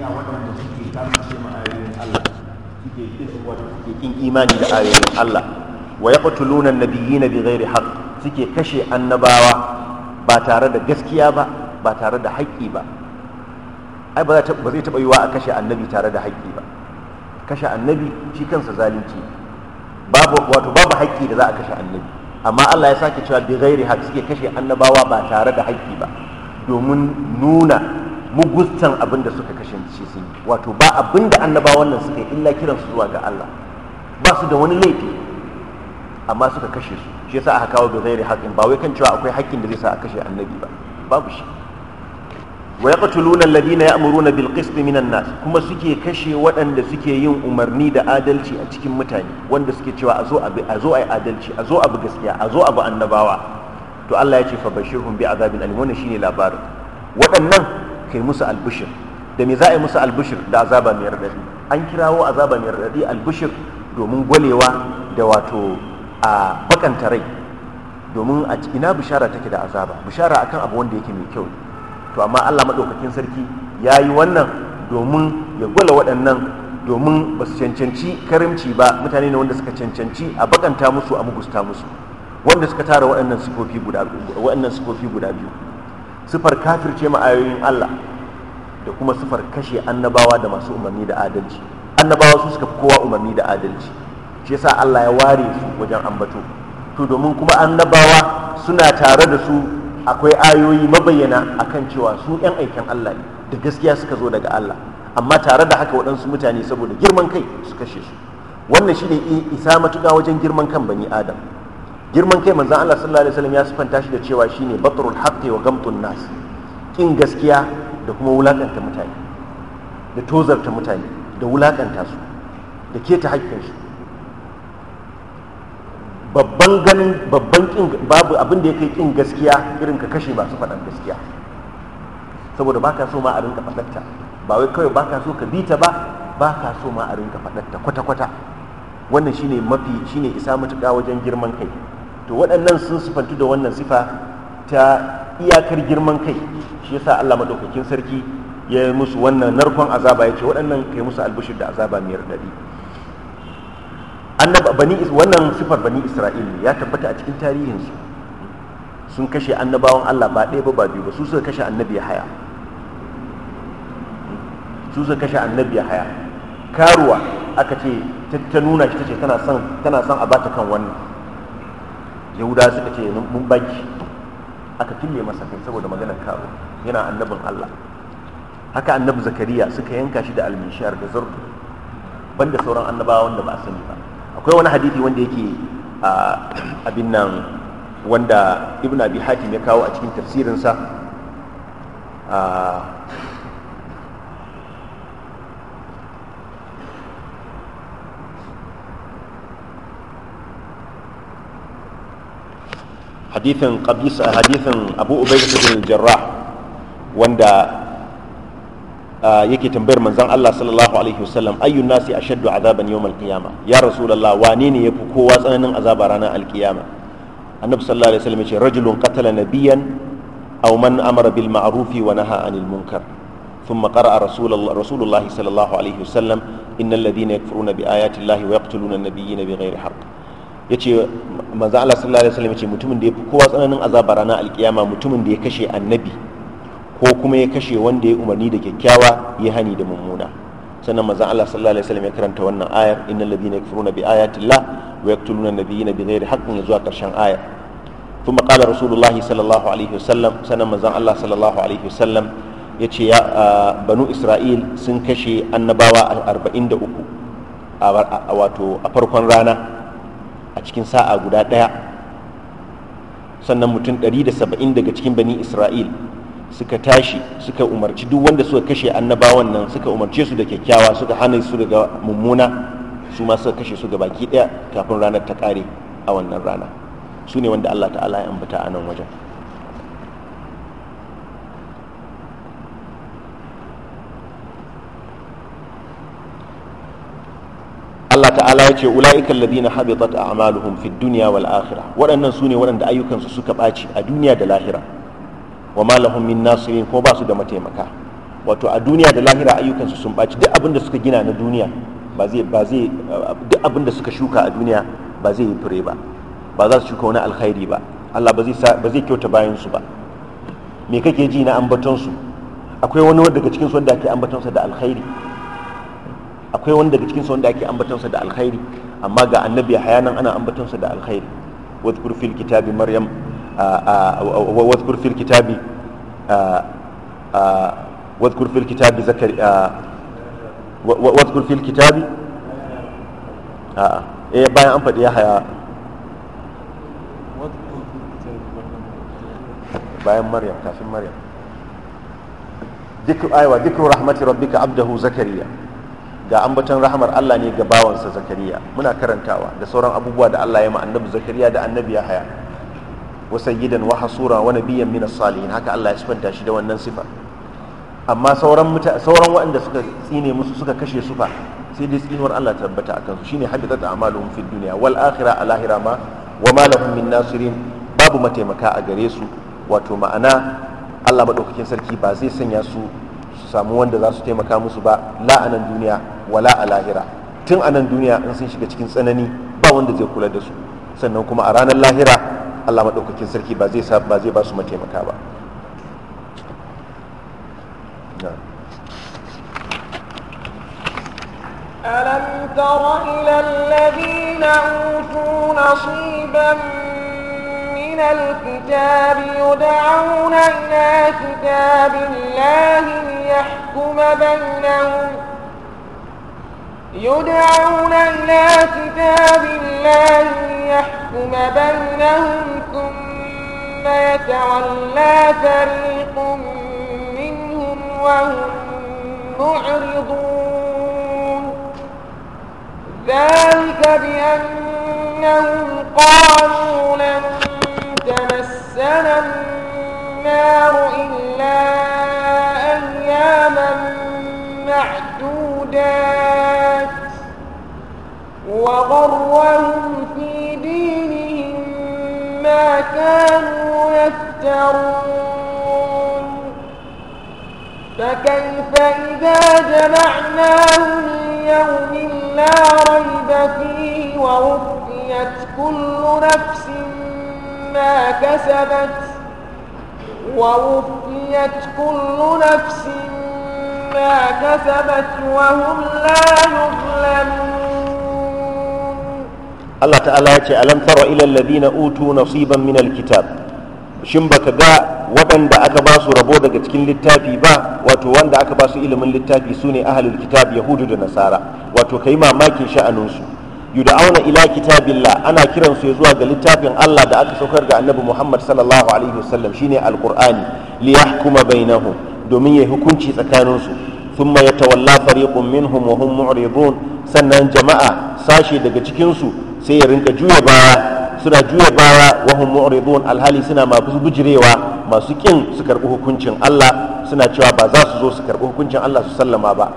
ga waɗanda suke kafirce ma ayoyin Allah suke kin wata suke kin imani da ayoyin Allah wa yaqtuluna na nabiyina bighairi har suke kashe annabawa ba tare da gaskiya ba ba tare da haƙƙi ba ai ba zai taɓa yiwa a kashe annabi tare da haƙƙi ba kashe annabi shi kansa zalunci babu wato babu haƙƙi da za a kashe annabi amma Allah ya sake cewa bi ghairi haƙƙi suke kashe annabawa ba tare da haƙƙi ba domin nuna mugustan abin da suka kasance sun yi wato ba abin da annabawan nan suka yi illa su zuwa ga Allah ba su da wani laifi amma suka kashe su shi yasa aka kawo da haƙin ba wai kan cewa akwai haƙƙin da zai sa a kashe annabi ba babu shi wa yaqtuluna alladhina ya'muruna bil qist an nas kuma suke kashe waɗanda suke yin umarni da adalci a cikin mutane wanda suke cewa a zo a bi a zo ai adalci a zo a bi gaskiya a zo a bi annabawa to Allah ya ce fa bashirhum bi azabin alim wannan shine labarin waɗannan kai musu albushir da me za a yi musu albushir da azaba mai radadi an kirawo azaba mai radadi albushir domin gwalewa da wato a bakanta rai domin a ina bishara take da azaba bishara akan abu wanda yake mai kyau to amma Allah madaukakin sarki ya yi wannan domin ya gwala waɗannan domin ba su cancanci karimci ba mutane ne wanda suka cancanci a bakanta musu a mugusta musu wanda suka tara waɗannan sifofi guda biyu sifar kafirce ma ayoyin Allah da kuma sifar kashe annabawa da masu umarni da adalci annabawa su suka fi kowa umarni da adalci shi yasa Allah ya ware su wajen ambato to domin kuma annabawa suna tare da su akwai ayoyi mabayyana akan cewa su yan aikin Allah ne da gaskiya suka zo daga Allah amma tare da haka waɗansu mutane saboda girman kai su kashe su wannan shi ne isa matuƙa wajen girman kan bani adam girman kai manzan Allah sallallahu alaihi wasallam ya sifanta shi da cewa shine batrul haqqi wa gamtun nas kin gaskiya da kuma wulakanta mutane da tozarta mutane da wulakanta su da keta haƙƙin su babban ganin babban kin babu abin da yake kin gaskiya irin ka kashe masu faɗan gaskiya saboda baka so ma a rinka faɗarta ba wai kawai baka so ka bita ba baka so ma a rinka faɗarta kwata-kwata wannan shine mafi shine isa matuƙa wajen girman kai to waɗannan sun sifantu da wannan sifa ta iyakar girman kai shi yasa Allah madaukakin sarki ya yi musu wannan narkon azaba ya ce waɗannan kai musu albushir da azaba mai raɗaɗi bani wannan sifar bani isra'il ya tabbata a cikin tarihinsu sun kashe annabawan Allah ba ɗaya ba ba biyu ba su suka kashe annabi haya su suka kashe annabi haya karuwa aka ce ta nuna shi ta ce tana son a bata kan wannan yahuda suka ce mun baki aka kille masa kai saboda maganar karo yana annabin Allah haka annabi zakariya suka yanka shi da almishiyar da zarto banda sauran annabawa wanda ba a sani ba akwai wani hadithi wanda yake abin nan wanda ibn abi hatim ya kawo a cikin tafsirinsa hadithin qabis eh, hadithin abu ubaidah bin jarrah wanda eh, yake tambayar manzon Allah sallallahu alaihi wasallam ayyun nasi ashaddu azaban yawm al-qiyama ya rasulullah wane ne yafi kowa tsananin azaba ranar al-qiyama annabi sallallahu alaihi wasallam ya ce rajulun qatala nabiyan aw man amara bil ma'rufi wa naha 'anil munkar thumma qara'a rasulullah rasulullah sallallahu alaihi wasallam innal ladhina yakfuruna bi ayati llahi wa yaqtuluna an-nabiyyina bighayri haqq yace manzo Allah sallallahu alaihi wasallam ce mutumin da fi kowa tsananin azaba ranar alkiyama mutumin da ya kashe annabi ko kuma ya kashe wanda ya umarni da kyakkyawa ya hani da mummuna sannan manzo Allah sallallahu alaihi wasallam ya karanta wannan ayar innal ladina yakfuruna bi ayati llah wa yaqtuluna nabiyina ghairi haqqin zuwa karshen ayar ثم qala rasulullah sallallahu alaihi wasallam sannan maza Allah sallallahu alaihi wasallam ya ce ya banu isra'il sun kashe annabawa 43 a wato a farkon rana. a cikin sa'a guda ɗaya sannan mutum da saba'in daga cikin bani isra'il suka tashi suka umarci duk wanda suka kashe annabawan nan suka umarce su da kyakkyawa suka hana su daga mummuna su ma suka kashe su ga baki ɗaya kafin ranar ta ƙare a wannan rana su ne wanda allah ta'ala ya ambata a nan wajen ta'ala ya ce ula'ikal ladina habitat a'maluhum fid dunya wal akhirah waɗannan sune waɗanda ayyukansu suka ɓaci a duniya da lahira wa ma lahum min nasirin ko ba su da mataimaka wato a duniya da lahira ayyukansu sun ɓaci duk abinda suka gina na duniya ba zai ba zai duk abinda suka shuka a duniya ba zai yi fure ba ba za su shuka wani alkhairi ba Allah ba zai ba zai kyauta bayan su ba me kake ji na ambaton su akwai wani daga cikin su wanda ake ambaton sa da alkhairi akwai wanda daga cikin wanda ake ambaton sa da alkhairi amma ga annabi haya nan ana sa da alkhairi wadkur fil kitabi maryam wadkur fil kitabi wadkur fil kitabi zakari wadkur fil kitabi eh bayan an faɗi haya bayan maryam kafin maryam ذكر ايوه dikru رحمه rabbika abdahu zakariya ga ambaton rahamar Allah ne ga bawansa Zakariya muna karantawa da sauran abubuwa da Allah ya ma annabi Zakariya da annabi Yahaya wa sayyidan wa hasura wa nabiyyan min salihin haka Allah ya sifanta shi da wannan sifa amma sauran sauran waɗanda suka tsine musu suka kashe su fa sai dai tsinuwar Allah ta tabbata akan su shine habitat a'maluhum fid dunya wal akhirah alahira ma wa ma lahum min nasirin babu mataimaka a gare su wato ma'ana Allah madaukakin sarki ba zai sanya su su samu wanda za su taimaka musu ba la'anan duniya wala a lahira tun a nan duniya in sun shiga cikin tsanani ba wanda zai kula da su sannan kuma a ranar lahira allah maɗaukakin sarki ba zai ba zai ba su mataimaka ba ألم تر إلى الذين أوتوا نصيبا من الكتاب يدعون إلى كتاب الله ليحكم بينهم يدعون إلى كتاب الله ليحكم بينهم ثم يتولى فريق منهم وهم معرضون ذلك بأنهم قالوا لن تمسنا النار إلا أياما معدودات وغرهم في دينهم ما كانوا يفترون فكيف إذا جمعناهم يوم لا ريب فيه ووفيت كل نفس ما كسبت ووفيت كل نفس ما كسبت وهم لا يظلمون Allah ta'ala ya ce alam tara ila alladhina utu nasiban min alkitab shin baka ga waɗanda aka ba su rabo daga cikin littafi ba wato wanda aka ba su ilimin littafi sune ahlul kitab yahudu da nasara wato kai mamakin sha'anin su yud'auna ila kitabillah ana kiran su zuwa ga littafin Allah da aka saukar ga annabi Muhammad sallallahu alaihi wasallam shine alqur'ani li yahkuma bainahum domin ya hukunci tsakanin su yatawalla fariqun minhum wa hum mu'ridun sannan jama'a sashe daga cikin su sai ya rinka juya baya suna juya baya wa hum alhali suna masu bujirewa masu kin su karbi hukuncin Allah suna cewa ba za su zo su karbi hukuncin Allah su sallama ba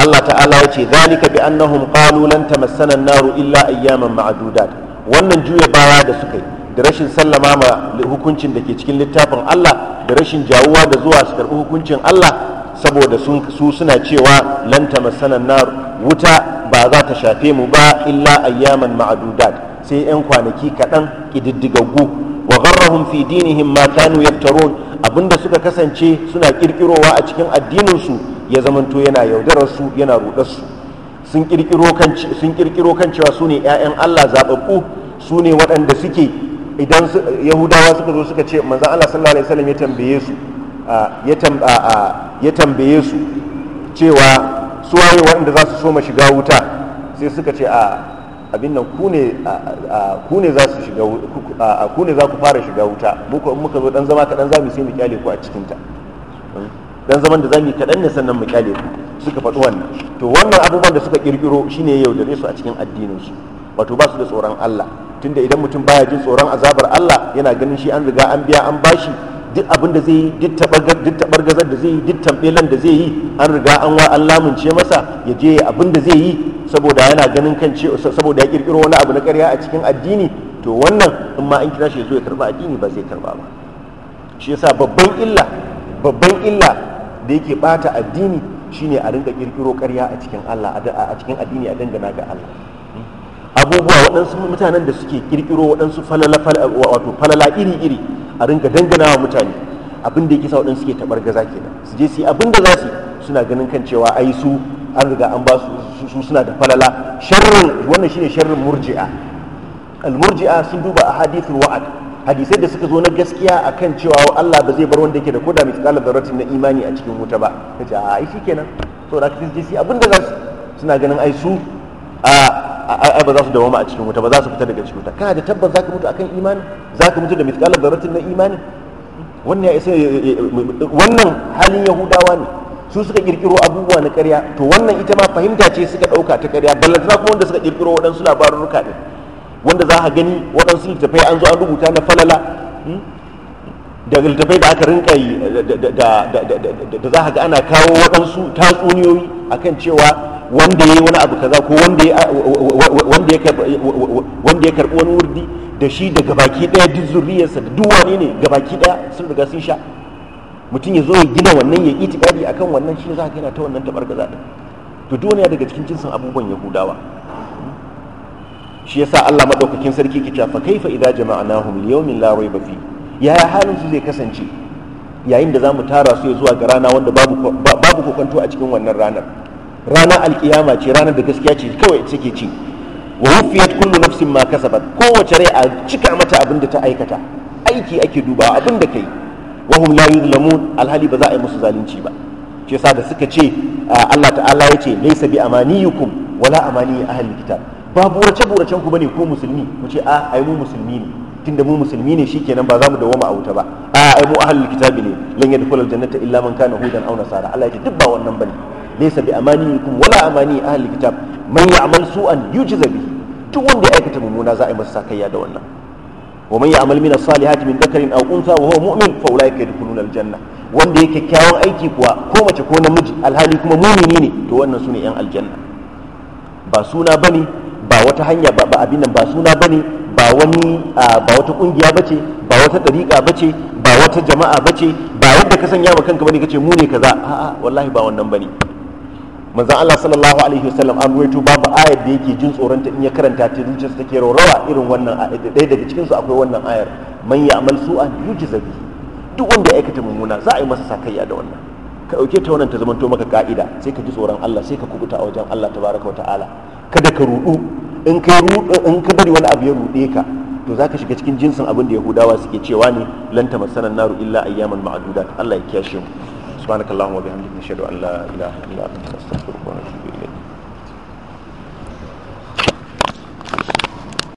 Allah ta'ala ya ce zalika bi annahum qalu lan tamassana an-naru illa ayyaman ma'dudat wannan juya baya da suka yi da rashin sallama ma hukuncin da ke cikin littafin Allah da rashin jawuwa da zuwa su karɓi hukuncin Allah saboda su suna cewa lantama masanan naru wuta ba za ta shafe mu ba illa ayyaman ma'adudat sai 'yan kwanaki kaɗan ƙididdigaggu wa gharrahum fi dinihim ma kanu yaftarun abinda suka kasance suna kirkirowa a cikin addininsu ya zamanto yana yaudararsu yana ruɗarsu sun kirkiro kan cewa su ne 'ya'yan Allah zababbu su waɗanda suke idan yahudawa suka zo suka ce manzan Allah sallallahu alaihi wasallam ya tambaye su ya tambaye su cewa suwaye waɗanda za su soma shiga wuta sai suka ce a abin nan ku ne za su shiga ku ne za ku fara shiga wuta muka muka zo dan zama kaɗan za mu sai mu kyale ku a cikinta dan hmm? zaman da za mu kaɗan ne sannan mu kyale ku suka faɗi wannan to wannan abubuwan da suka kirkiro shine yau da su a cikin addininsu wato ba su da tsoron Allah tunda idan mutum baya jin tsoron azabar Allah yana ganin shi an riga an biya an bashi duk abin da zai yi duk tabargazar da zai yi duk tambelan da zai yi an riga an wa an lamunce masa ya je abin da zai yi saboda yana ganin kan ce saboda ya kirkiro wani abu na karya a cikin addini to wannan in ma an kira shi ya zo ya karba addini ba zai karba ba shi yasa babban illa babban illa da yake bata addini shine a rinka kirkiro karya a cikin Allah a cikin addini a dangana ga Allah abubuwa waɗansu mutanen da suke kirkiro waɗansu falala wato falala iri iri a rinka dangana wa mutane abin da yake sa waɗansu suke taɓar gaza kenan su je su yi abin da za su suna ganin kan cewa ai su an riga an ba su su suna da falala sharrin wannan shine sharrin murji'a al-murji'a sun duba a hadithul wa'ad hadisai da suka zo na gaskiya akan cewa Allah ba zai bar wanda yake da koda da dharratin na imani a cikin wuta ba kace ai shikenan to da kace sai abin da za su suna ganin ai su a ai ba za su dawoma a cikin wuta ba za su fita daga cikin wuta kana da tabbas zaka mutu akan imani zaka mutu da mithqalan dharratin na imani wannan ya isa wannan halin yahudawa ne su suka kirkiro abubuwa na ƙarya to wannan ita ma fahimta ce suka ɗauka ta ƙarya ballantana kuma wanda suka kirkiro waɗansu labarurruka ne wanda za ka gani waɗansu littafai an zo an rubuta na falala hmm? da littafai da aka rinka yi da za ka ga ana kawo waɗansu tatsuniyoyi akan cewa wanda ya yi wani abu kaza ko wanda wanda ya karbi wani wurdi da shi da gabaki ɗaya duk zurriyarsa da duk wani ne gabaki ɗaya sun riga sun sha mutum ya zo ya gina wannan ya itikadi akan wannan shi za ka yana ta wannan tabargaza gaza to duk wani daga cikin jinsin abubuwan yahudawa shi yasa Allah madaukakin sarki ke cewa fa kaifa idza jama'nahum li yawmin la rayba fi yaya halin su zai kasance yayin da za mu tara su zuwa ga rana wanda babu babu kokonto a cikin wannan ranar rana alkiyama ce ranar da gaskiya ce kawai take ci wa wufiyat kullu nafsin ma kasabat kowace rai a cika mata abin da ta aikata aiki ake duba abin da kai wa hum la yuzlamun alhali ba za a yi musu zalunci ba shi yasa da suka ce Allah ta'ala ya ce laysa bi amaniyukum wala amani ahli kitab ba burace buracen ku bane ko musulmi ku ce a ah, ai mu musulmi ne tunda mu musulmi ne shikenan ba za mu dawoma a wuta ba a ah, ai mu ahli kitab ne lan yadkhulul jannata illa man kana hudan aw nasara Allah ya ce duk ba wannan bane laysa bi amaniyukum wala amani ahli kitab man ya'mal su'an yujza bihi duk wanda ya aikata mummuna za a yi masa sakayya da wannan wa man ya'mal min as-salihati min dhakarin aw untha wa huwa mu'min fa ulaika yadkhuluna al-janna wanda yake kyakkyawan aiki kuwa ko mace ko namiji alhali kuma mumini ne to wannan sune yan aljanna ba suna bane ba wata hanya ba abin nan ba suna bane ba wani ba wata kungiya bace ba wata dariƙa bace ba wata jama'a bace ba yadda ka sanya ma kanka bane kace mu ne kaza a'a wallahi ba wannan bane manzan Allah sallallahu alaihi wasallam an ruwaito babu ayar da yake jin tsoron ta in ya karanta ta zuciyarsa take rawa irin wannan ayar ɗaya daga cikin su akwai wannan ayar man su su'an yuji zabi duk wanda ya aikata mummuna za a yi masa sakayya da wannan ka dauke ta wannan ta to maka ka'ida sai ka ji tsoron Allah sai ka kubuta a wajen Allah tabaraka wa ta'ala kada ka rudu in ka rudu in ka bari wani abu ya rude ka to zaka shiga cikin jinsin abin da Yahudawa suke cewa ne lan tamassana naru illa ayyaman ma'dudat Allah ya kiyashe mu subhanakallahumma wa bihamdika nashhadu an la ilaha illa anta astaghfiruka wa